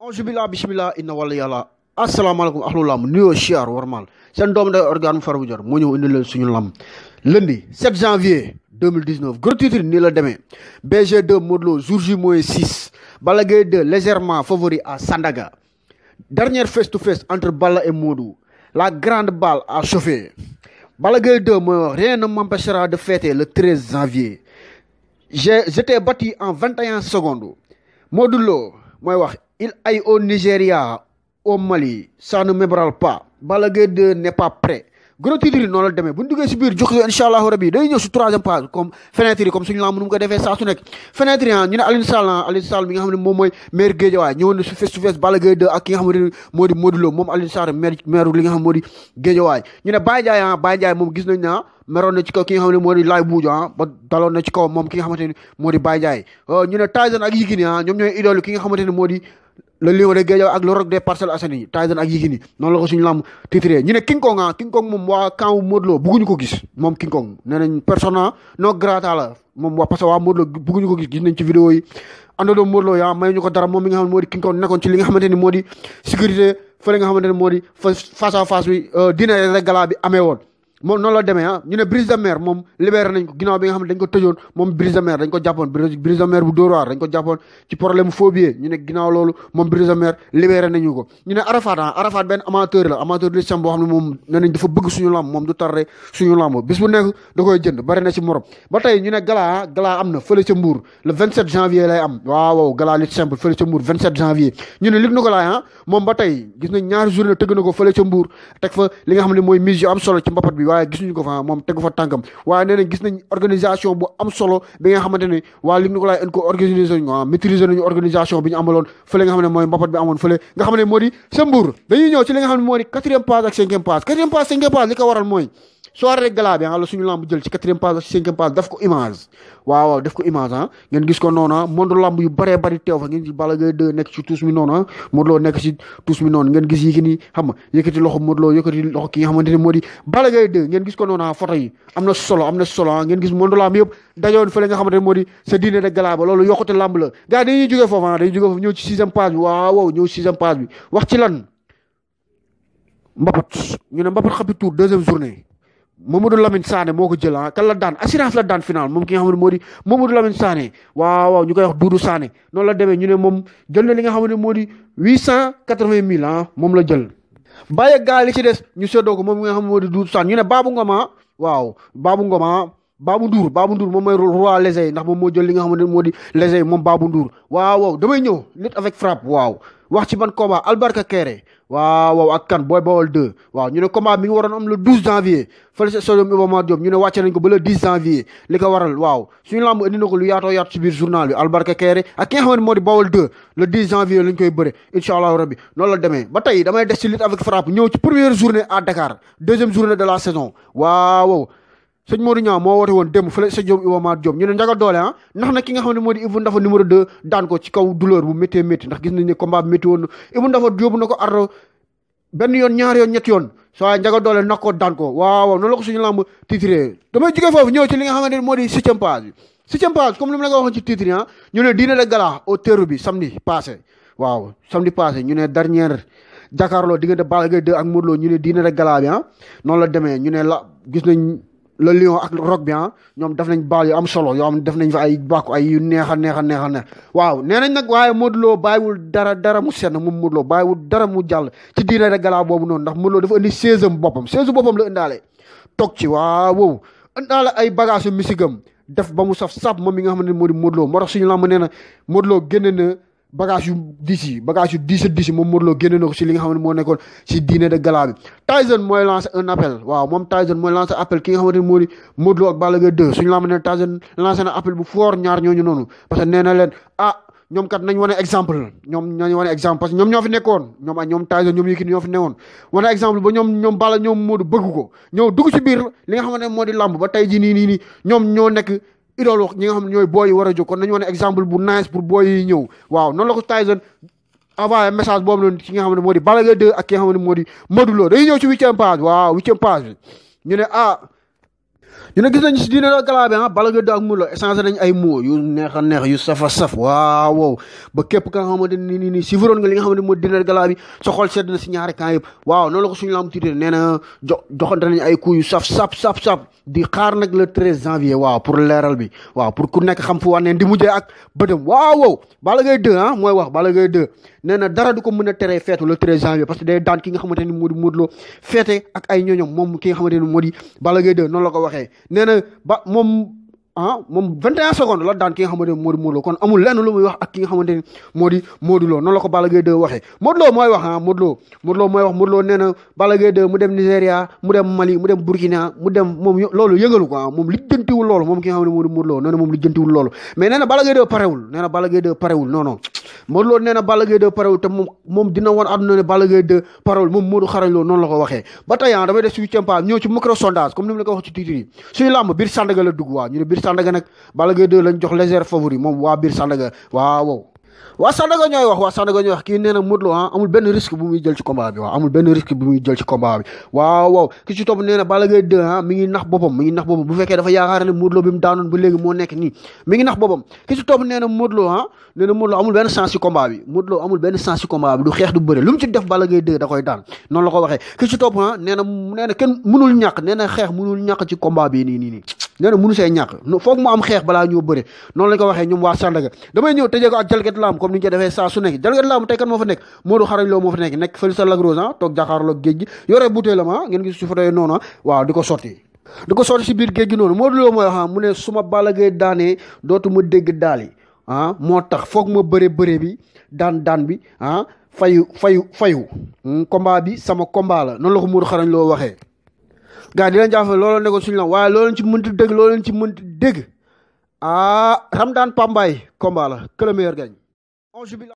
auzu billah bismillah inna wala yàlla asalaamaaleykum axlu lamb nuyoo siyaar warmaal seen doom day organe far bu jor moo ñëw indi leen suñu lamb lundi 7 janvier 2019 gros titre nii la demee BG2 Modou Lo jour J moins 6 Balla Gaye 2 légèrement favori à Sandaga dernière face to face entre Balla et Modou la grande balle a chauffé bala Gaye 2 mooy wax rien ne de fêter le 13 janvier j'ai j'étais battu en 21 secondes mooy wax Il aille au Nigeria, au Mali, ça ne m'ébranle pas. Balla Gaye 2 n'est gros titre noonu la demee bu ñu duggee si biir allahu rabi dañuy ñëw si troisième phase comme fenêtre comme suñu lamb nu mu ko defee saa nekk fenêtre ah, ñu ne Alioune Sall ah, Alioune Sall mi nga xam ne moom mooy maire Guédiawaye na su face to face Balla moo di Modou Lo moom Alioune Sall maire maire li nga xam moo di ñu ne Baye Ndiaye ah moom gis nañ na ah, meroon na ci ki nga xam ne moo Laay Buuju ah ba daloon na ci kaw moom ki nga xamante ne moo di oh, ñu ne Tyson ak Yékini ah ñoom ñooy le lion de Guédiawaye ak le roc des Parcelles Assainies Tyson ak Yékini noonu la ko suñu làmb titré ñu ne King Kong ah, King Kong moom waa camp Modou Lo bugguñu ko gis moom King Kong nee persona non grata la moom waa parce waa Modou bugguñu ko gis gis nañ ci vidéo yi àndandoo Modou yaa may ñu ko dara moom mi nga xam ne sécurité fële nga xamante ne moo di face à face bi euh, dîner de amee woon moom noonu la demee ah ñu ne Brise de Mer moom libéré nee ñu ne galaa ah, galaa ah, am na fële ca Mbour le 27 janvier lay am waaw galaa lutte simple fële ah, fële ca Mbour teg fa li nga xam ne mooy mise yu am solo ci mbapat bi waaye gisuñu ko fa moom tegu fa tànkam waaye nee nañ gis nañ organisation bu am solo bi nga xamante ne waa Luc Nicolaï en ko ah, nañu organisation bi ñu amaloon fële nga xam ne mooy mbapat bi amoon fële nga xam ne moo di sa dañuy ñëw ci li nga xam ne moo di quatrième passe ak cinquième passe quatrième passe cinquième passe li ko waral mooy soirée gala bi ah la suñu lamb jël ci quatrième page ak ko image waaw waaw ah. gis ko noonu ah monde lamb yu bëree bëri teew fa ngeen gis Balla Gaye 2 nekk ci tuus ah. nekk noonu ngeen gis Yékini xam nga yëkkati loxo Modou Lo xamante ne moo di Balla ko noonu ah photo yi am na solo solo ah ngeen gis monde lamb yëpp dajoon fële nga xamante ne moo di sa dîner de gala ba loolu yokkute lamb la gars yi dañuy jógee foofu ah dañuy bi waaw ñëw ci sixième bi wax ci lan mbapat ñu ne mbapat xapitur deuxième journée Mamadou Lamine Sané moo ko jël ah kan la daan assurance la daan final moom ki nga xam ne moo di Mamadou Lamine Sané waaw waaw ñu koy wax Doudou Sané noonu la demee ñu ne moom jël na li nga xam ne moo di huit cent quatre-vingt mille ah moom la jël. bàyyi gaal li ci des ñu seddoo ko moom mi nga xam ne moo di Doudou Sané ñu ne Babou Ngoma ah, waaw Babou Ngoma. Ah, Babou Ndour Babou Ndour moom mooy roi léger yi ndax moom moo jël li nga xamante ne moo di léger yi moom Babou Ndour waaw waaw damay ñëw lutte avec frappe waaw wax ci ban combat Albarka Kéré waaw waaw ak kan Boy Bawol 2 waaw ñu ne combat bi ngi waroon am le 12 janvier fële sa stadium Iba Mar Diop ñu ne wàcce nañ ko ba le 10 janvier li ko waral waaw suñu lamb indi na ko lu yaatoo yaatu ci biir journal bi Albarka Kéré ak ki nga moo di la demee ba tey damay des ci lutte avec frappe ñëw ci première journée à la saison waaw sëñ Modou Niang moo woon démb fële sa Diom Iba Mar ah, di Ibou Ndafa numéro 2 ko ci kaw douleur bu méttee métti ndax gis yoon ñaari yoon ñetti yoon soo waaye njaga ko daan ko waaw waaw noonu la ko suñu lamb moo di septième page bi septième page comme li mu la nga waxoon ci titre ah ñu ne dîner de gala au terreau bi samedi passé waaw samedi passé ñu diggante Balla Gaye 2 ak Modou ñu ne dîner de bi ah noonu la demee ñu ne la gis nañ le lion ak roc bi ah ñoom def nañ baal yu am solo yoo xam def nañ fa ay bàkku ay yu neex a neex a neex a waaw nee nañ nag waaye Modou Lo bàyyiwul dara dara mu senn moom Modou Lo bàyyiwul dara mu jàll ci diire rek galaa boobu noonu ndax Modou Lo dafa indi seizième boppam seizième boppam la indaale toog ci waaw wow indaale ay bagage yu misigam def ba mu saf saf moom mi nga xam ne moo di Modou Lo moo tax suñu lamb nee na Modou Lo génne na bagage yu diis yi bagage diis moom Modou Lo génne na si li nga moo nekkoon si dîner de gala bi mooy lancé un appel waaw moom Tyson mooy lancé appel ki nga xamante ne moo di Modou na appel bu fort ñaar ñooñu noonu parce que nee leen ah ñoom kat nañ wane exemple ñoom ñoo fi nekkoon ñoom ak ñoom Tyson ñoom Yékini ñoo fi nekkoon wane exemple ba ñoom ñoom ñoom Modou bëgg ko ñëw dugg si biir li nga xamante moo di làmb idoolu ñi nga xam ne ñooy booy yi war a jóg kon nañu wane exemple bu nice pour booy yi waaw noonu la ko Tyson envoyé message boobu noonu ci nga xam ne moo di a Gaye 2 ak ki nga xam ne moo di Modou Lo dañuy ñëw ci huitième page waaw huitième page ñu ne ah ñu ne gis nañu si diine la galaa bi ah Balla neex yu safa saf waaw waaw ba képp ka nga xamante ni nii nii si furoon nga li nga xamante moo diine galaa bi sa xol sedd la ko suñu lamb tiitee nee na leeral bi waaw pour ku nekk xam fu wànneen di mujjee ak bëtam waaw waaw Balla ah mooy wax Balla Gaye 2 nee dara du ko mën a teree feetu le 13 janvier parce que day daan ki nga xamante ni moo feete ak ay ñooñom moom ki nga xamante ni moo di Balla Gaye la ko waxee waxee nee na ba moom ah moom 21 secondes la daan ki nga xamante ne moo di Modou Lo kon amul lenn lu muy wax ak ki nga xamante ne moo di Modou Lo noonu la ko Balla Gaye 2 waxee Modou Lo mooy wax ah Modou mooy wax Modou Lo nee na Balla Gaye mu dem Nigéria mu dem Mali mu dem Burkina mu dem moom loolu yëngalu ko ah moom lijjantiwul loolu moom ki nga xam ne moo di Modou Lo nee na moom lijjantiwul loolu mais nee na Balla Gaye parewul nee na Balla Gaye parewul non Modou Lo nee na Balla Gaye te moom dina woon àdduna ne Balla Gaye 2 parewul moom Modou xarañ Lo noonu la ko waxee ba tey ah damay def si huitième pas ñëw ci micro sondage comme ni mu la ko wax ci titre yi suñu biir Sandaga la dugg waa ñu ne biir Sandaga nag Balla Gaye 2 lañ jox légère favori moom waa biir Sandaga waaw waa Sandaga ñooy wax waa Sandaga ñooy wax kii nee na Modou Lo ah amul benn risque bu muy jël ci combat bi waaw amul benn risque bu muy jël waaw ki ci topp nee na Balla Gaye ah, mi ngi nax boppam mi ngi nax boppam bu fekkee dafa yaakaar ne Modou Lo bi mu nekk ni mi nax boppam ki ci topp nee na Modou Lo ah nee na Modou Lo amul benn sens ci combat bi Modou Lo amul benn sens ci combat du xeex du bëre lu mu ci def bala Gaye 2 da koy daan noonu la ko waxee ki ci topp ah nee na nee na kenn mënul ñàkk nee na xeex mënul ñàkk ci combat bi nii nii nii nee na mënu see ñàkk foog mu am xeex balaa ñoo bëre noonu lañ ko waxee ñoom waa Sandaga damay ñëw tëjee ko ak jalget laam comme ni ñu ko defee saa su nekk jalget laam tey kan moo fa nekk Modou ah, gi yore ah, ah, waaw di ko sotti ko sotti si biir géej gi noonu Modou Lo mooy wax mu ne su ma Balla daanee dootu dégg daal yi moo tax foog ma bëre bëre bi daan daan bi ah fayu fayu fayu hmm, combat bi sama combat la noonu la ko xarañ loo waxee gars di leen jaafal looloo nekkoon suñu lam waaye loolu ci mënti dégg loolu ci mënti dégg ah daan Pambaay combat la que le meilleur gagne